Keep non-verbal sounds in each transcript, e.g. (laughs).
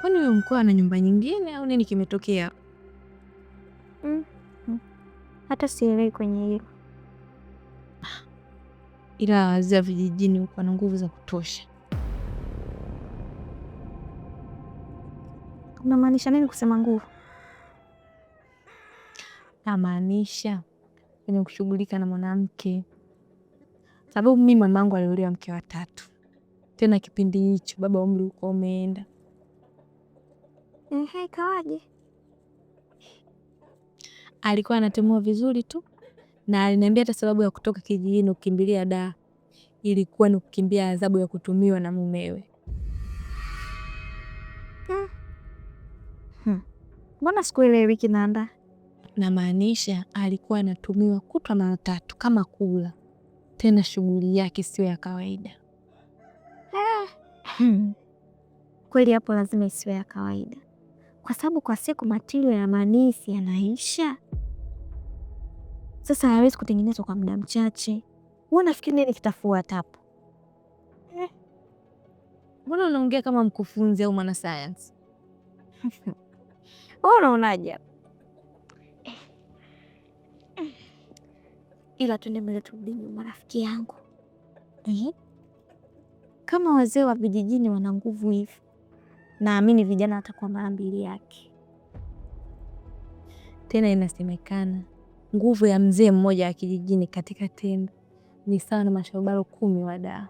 Kwani huyo mkoa ana nyumba nyingine au nini kimetokea? mm Mm. Hata sielewi kwenye hiyo ila wazee wa vijijini huko wana nguvu za kutosha. Unamaanisha nini kusema nguvu? Namaanisha kwenye kushughulika na mwanamke, sababu mimi mamangu aliolewa mke wa tatu, tena kipindi hicho baba umri uko umeenda. Ehe, ikawaje? Alikuwa anatemua vizuri tu na aliniambia hata sababu ya kutoka kijijini kukimbilia daa ilikuwa ni kukimbia adhabu ya kutumiwa na mumewe. Hmm. Hmm. Mbona hmm, sikuelewi kinanda. Namaanisha alikuwa anatumiwa kutwa mara tatu kama kula, tena shughuli yake sio ya kawaida. Eh. Hmm. Kweli hapo lazima isiwe ya kawaida kwa sababu kwa siku matilo ya manisi yanaisha. Sasa hayawezi kutengenezwa kwa muda mchache. Huwa nafikiri nini kitafuata hapo? Eh. Mbona unaongea kama mkufunzi au mwanasayansi? (laughs) Wewe unaonaje eh. Ila tuende mbele turudi nyuma, rafiki yangu. Eh? kama wazee wa vijijini wana nguvu hivi naamini vijana hata kwa mara mbili yake. Tena inasemekana nguvu ya mzee mmoja wa kijijini katika tendo ni sawa na mashaubaro kumi wa dawa.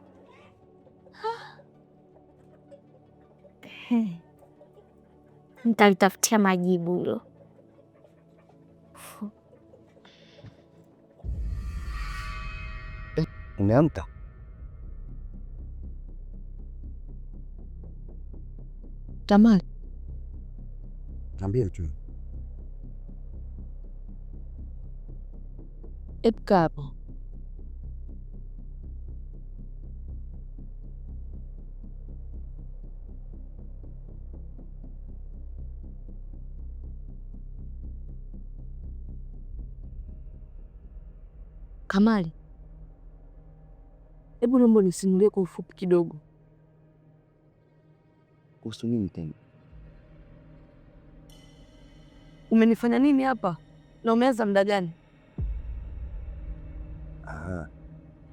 Nitalitafutia majibu hilo. Eh, umeamka? Jamal. Ambia tu. Ibgabo. Kamali, hebu naomba nisimulie kwa ufupi kidogo kuhusu nini tena? Umenifanya nini hapa na umeanza muda gani? Aha.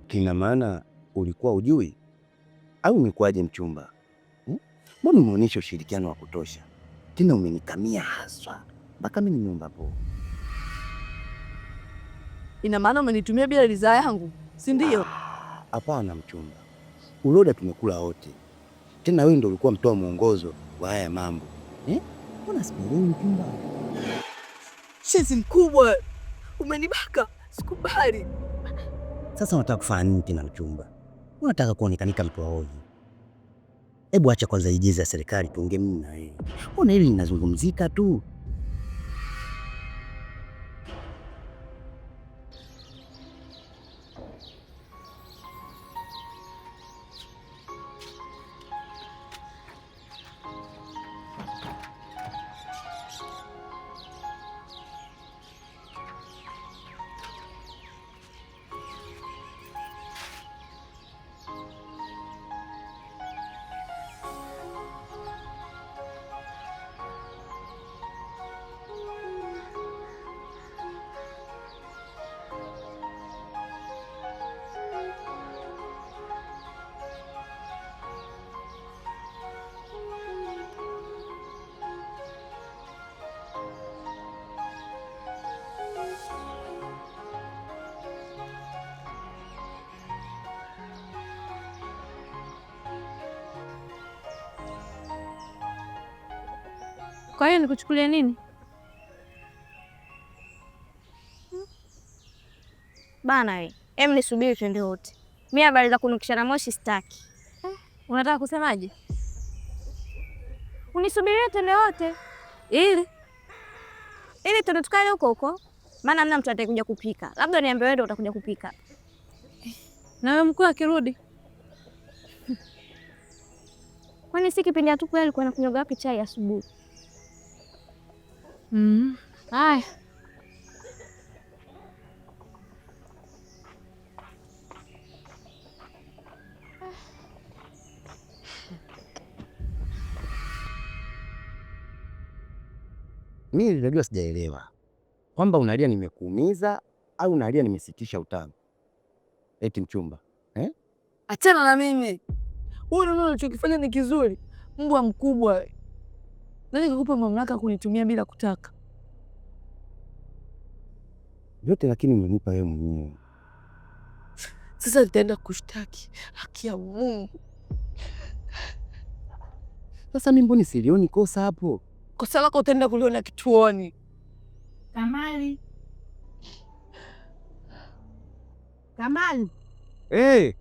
Kina maana ulikuwa ujui au umekuaje mchumba? Hmm? umeonyesha ushirikiano wa kutosha, tena umenikamia haswa mpaka mimi nyumba po. Ina maana umenitumia bila ridhaa yangu, si ndio? Ah, hapana mchumba, uloda tumekula wote tena wewe ndio ulikuwa mtoa mwongozo wa haya mambo eh? Mbona sikuelewi Pimba? Chizi mkubwa umenibaka, sikubali. Sasa unataka kufanya nini tena mchumba? Unataka kuonekanika mtu wa ovyo? Hebu acha kwanza igiza ya serikali tuongee mimi na wewe. Ona hili linazungumzika tu. Kwa hiyo nikuchukulie nini? Bana we, em nisubiri twende wote. Mi habari za kunukishana moshi sitaki. Eh, unataka kusemaje? Unisubirie twende wote ili ili twende tukale huko huko, maana mna mtu atakuja kupika. Labda niambie wewe utakuja kupika, nawe mkuu akirudi. (laughs) Kwani si kipindi atuku alikuwa anakunywa wapi chai asubuhi? Mm. Mm-hmm. Haya. Mimi najua sijaelewa kwamba unalia nimekuumiza au unalia nimesitisha utamu. Eti mchumba eh? Achana na mimi, wewe unaona ulichokifanya ni kizuri? Mbwa mkubwa nani kakupa mamlaka kunitumia bila kutaka? Yote lakini umenipa wewe mwenyewe. Sasa nitaenda kushtaki haki ya Mungu. Sasa mimi mboni silioni kosa hapo? Kosa lako utaenda kuliona kituoni. Kamali. Kamali. Eh. Hey.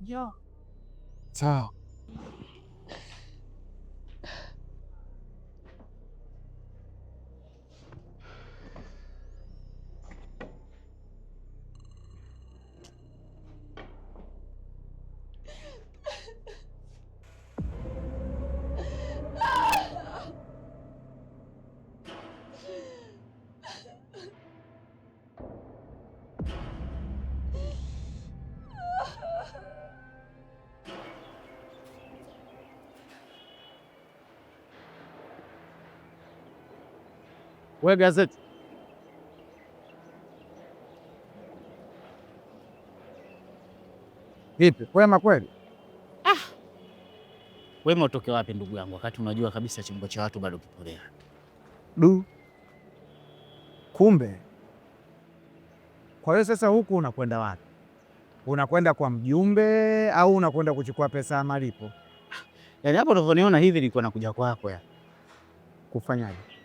Jo. Sawa. we gazeti vipi? Kwema kweli? Ah, wema utoke wapi ndugu yangu, wakati unajua kabisa chimbo cha watu bado kipolea. Du, kumbe. Kwa hiyo sasa huku unakwenda wapi? Unakwenda kwa mjumbe au unakwenda kuchukua pesa ya malipo? Ah, yaani hapo unavyoniona hivi nilikuwa nakuja kwako ya kufanyaje?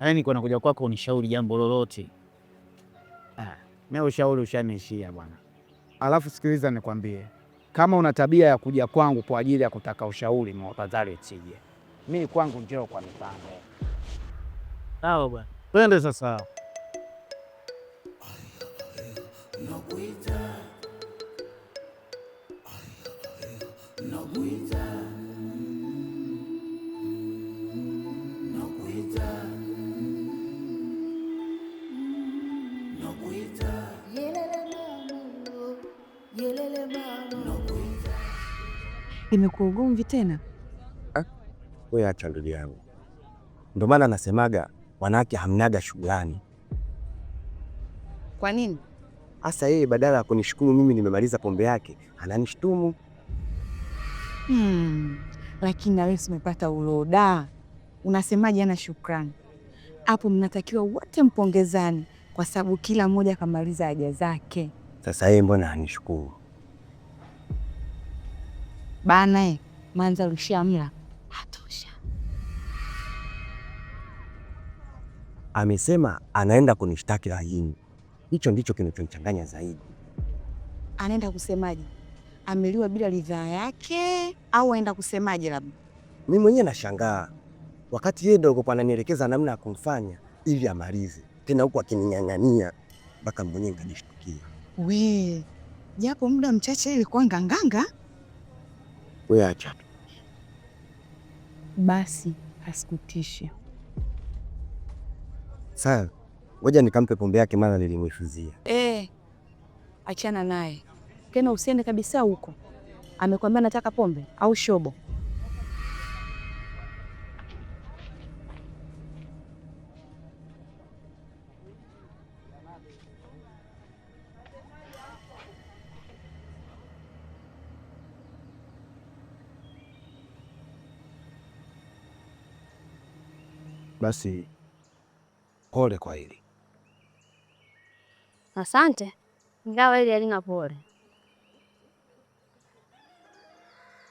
yaani niko nakuja kwako unishauri jambo lolote. Ah, mimi ushauri ushanishia bwana. Alafu sikiliza nikwambie, kama una tabia ya kuja kwangu kwa ajili ya kutaka ushauri, tafadhali tije Mimi kwangu njoo kwa mipango. Sawa bwana, twende sasa. Nakuita. Nakuita. Gelele baba. Imekuwa ugomvi tena? Ah, wewe acha ndugu yangu. Ndio maana anasemaga wanawake hamnaga shughulani. Kwa nini? Hasa yeye badala ya kunishukuru mimi nimemaliza pombe yake, ananishtumu. Hmm, lakini na wewe umepata uloda. Unasemaje ana shukrani? Hapo mnatakiwa wote mpongezani kwa sababu kila mmoja akamaliza haja zake. Sasa yeye mbona hanishukuru bana? Eh, Manza lishamla hatosha. Amesema anaenda kunishtaki laini, hicho ndicho kinachonichanganya zaidi. Anaenda kusemaje? Ameliwa bila ridhaa yake au aenda kusemaje? Labda mi mwenyewe nashangaa, wakati yeye ndio ananielekeza namna ya kumfanya ili amalize, tena huku akining'ang'ania mpaka mwenyewe we, japo muda mchache ilikuwa nganganga. We acha tu basi, asikutishe. Sawa, ngoja nikampe pombe yake, maana nilimwifuzia Eh, achana naye tena, usiende kabisa huko. Amekwambia nataka pombe au shobo? Basi pole kwa hili. Asante, ingawa hili halina pole.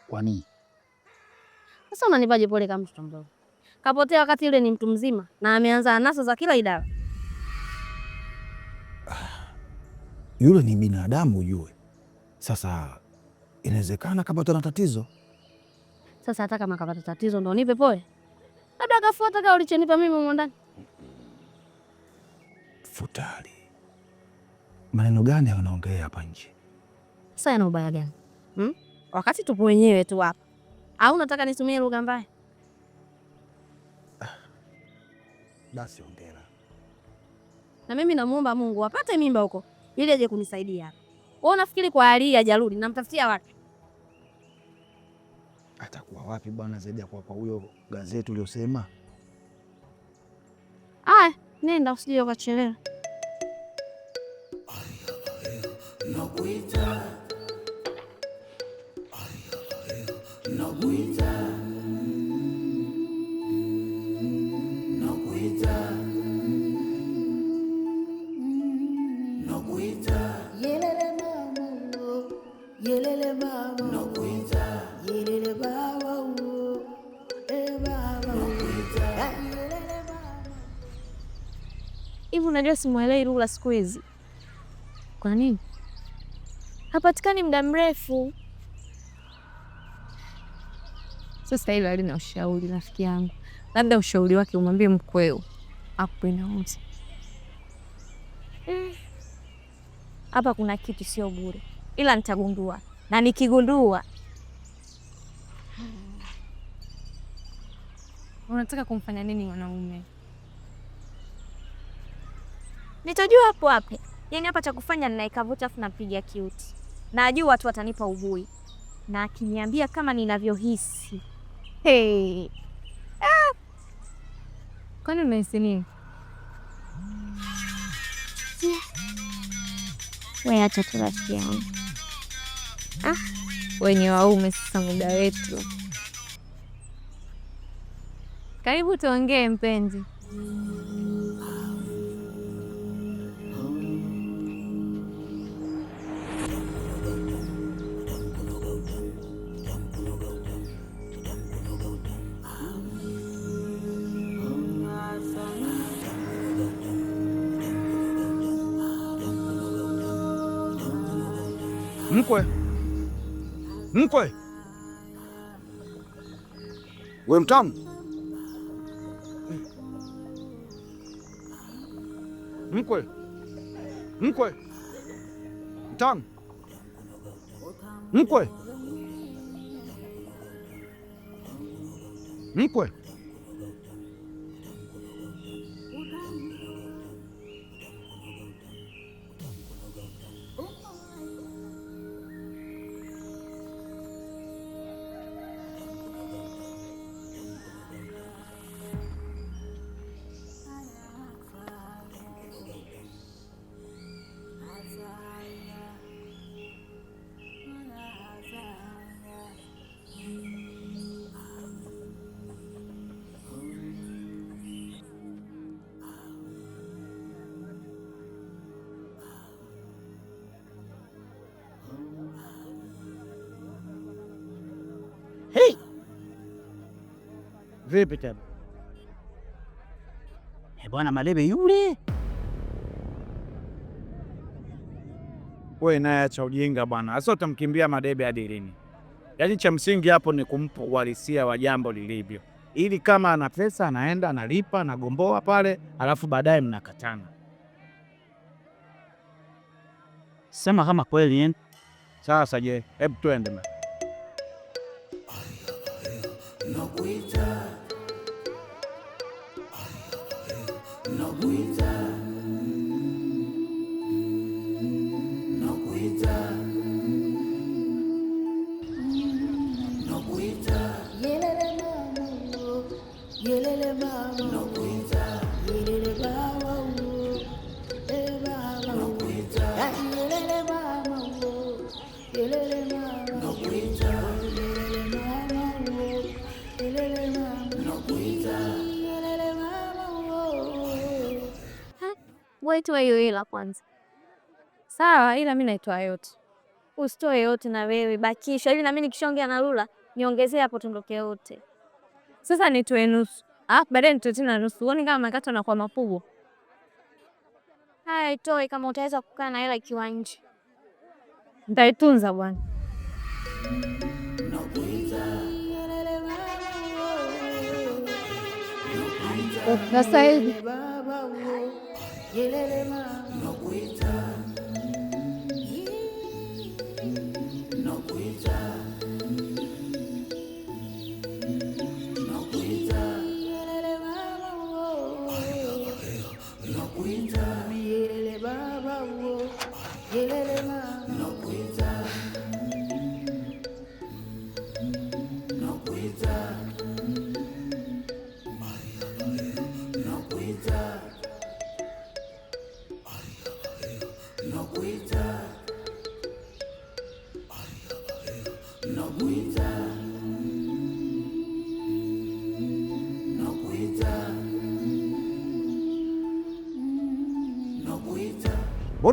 Kwa nini sasa unanipaje pole kama mtoto mdogo kapotea, wakati yule ni mtu mzima na ameanza anasa za kila idara? (sighs) Yule ni binadamu ujue. Sasa inawezekana kapata na tatizo. Sasa hata kama kapata tatizo ndo nipe pole? labda akafuata kama ulichonipa mimi humo ndani. Futari, maneno gani unaongea hapa nje? Sasa yana ubaya gani hmm? Wakati tupo wenyewe tu hapa, au unataka nitumie lugha mbaya? Ah, basi ongera na mimi. Namuomba Mungu apate mimba huko ili aje kunisaidia hapa. Wewe unafikiri kwa hali ya hajarudi, namtafutia wapi? Atakuwa wapi bwana zaidi ya kwa kwa huyo gazeti uliosema? Ah, nenda usije ukachelewa. Nakuita Hivi unajua simuelewi Lula siku hizi. Kwa nini? Hapatikani muda mrefu. Sasa hilo alina ushauri rafiki yangu, labda ushauri wake umwambie mkweo akupenda wote mm. hapa. Mm, kuna kitu sio bure, ila nitagundua na nikigundua. unataka kumfanya nini mwanaume? Nitajua hapo wapi. Yaani hapa cha kufanya ninaikavuta afu napiga kiuti. Najua watu watanipa ubui. Na akiniambia kama ninavyohisi. Hey. Ah. Kwani unahisi nini? Yeah. Wewe acha tu rafiki yangu. Ah, wenye waume sasa muda wetu. Karibu tuongee mpenzi. Mkwe, mkwe, we mtamu mkwe, mkwe, mtamu mkwe, mkwe Vipi tena eh, bwana Malebe yule? Wewe naye acha ujinga bwana, asa utamkimbia Madebe hadi lini? Yaani cha msingi hapo ni kumpa uhalisia wa jambo lilivyo, ili kama ana pesa anaenda analipa anagomboa pale, alafu baadaye mnakatana. Sema kama kweli. Eh? Sasa je, hebu twende nakuita usitoe hiyo la kwanza, sawa? Ila mi naitoa yote, usitoe yote na wewe bakisha, ili nami nikishaongea na Lula niongezee hapo, tondoke yote. Sasa nitoe nusu, ah, baadaye nitoe tena nusu. Uone kama makato na kwa mapugo haya, itoe kama utaweza kukaa na hela ikiwa nje, nitaitunza bwana. Sasa hivi Gelelim ha.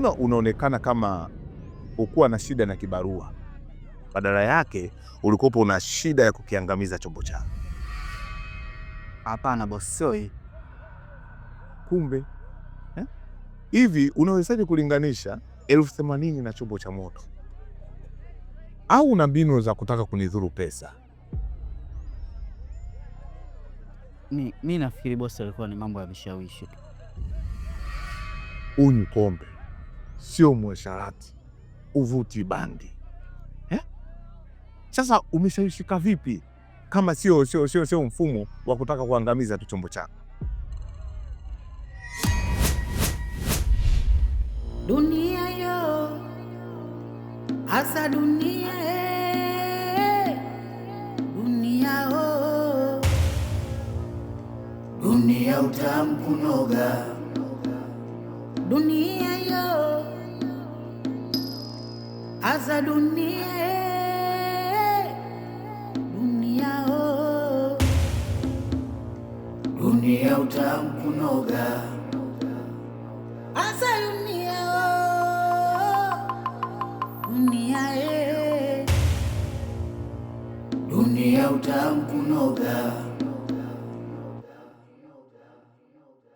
mbona unaonekana kama ukuwa na shida na kibarua, badala yake ulikopo una shida ya kukiangamiza chombo chako. Hapana boss, sio hii. Kumbe eh? hivi eh? Unawezaje kulinganisha elfu themanini na chombo cha moto? Au una mbinu za kutaka kunidhuru pesa? Mi nafikiri bosi alikuwa ni mambo ya vishawishi tu. Unywi pombe sio mwasharati, uvuti bangi eh? Sasa umeshaishika vipi kama sio sio sio sio mfumo wa kutaka kuangamiza tu chombo chako? Dunia yo asa dunia dunia o dunia utamkunoga dunia aza dunia dunia oh. dunia utamkunoga aza dunia oh. dunia eh. dunia utamkunoga